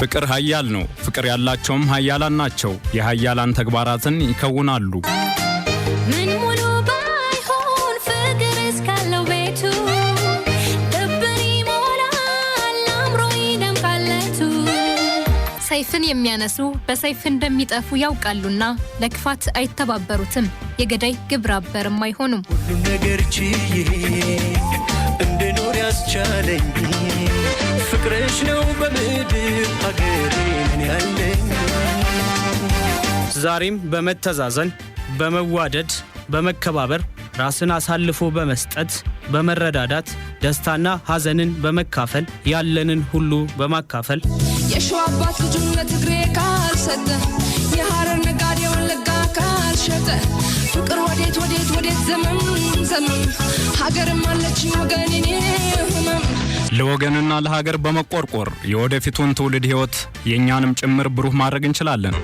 ፍቅር ኃያል ነው። ፍቅር ያላቸውም ኃያላን ናቸው። የኃያላን ተግባራትን ይከውናሉ። ምን ሙሉ ባይሆን ፍቅር እስካለው ቤቱ ልብን ይሞላል፣ አምሮ ይደምቃለቱ። ሰይፍን የሚያነሱ በሰይፍ እንደሚጠፉ ያውቃሉና ለክፋት አይተባበሩትም፣ የገዳይ ግብረ አበርም አይሆኑም። ሁሉም ነገር ችዬ እንድኖር ያስቻለኝ ፍቅርሽ ነው ዛሬም በመተዛዘን በመዋደድ በመከባበር ራስን አሳልፎ በመስጠት በመረዳዳት ደስታና ሐዘንን በመካፈል ያለንን ሁሉ በማካፈል የሸዋ አባት ልጁነት እግሬ ካልሰጠ የሐረር ነጋዴ ወለጋ ካልሸጠ ፍቅር ወዴት ወዴት ወዴት ዘመን ዘመን ሀገርም አለችኝ ወገኔ ለወገንና ለሀገር በመቆርቆር የወደፊቱን ትውልድ ሕይወት የእኛንም ጭምር ብሩህ ማድረግ እንችላለን።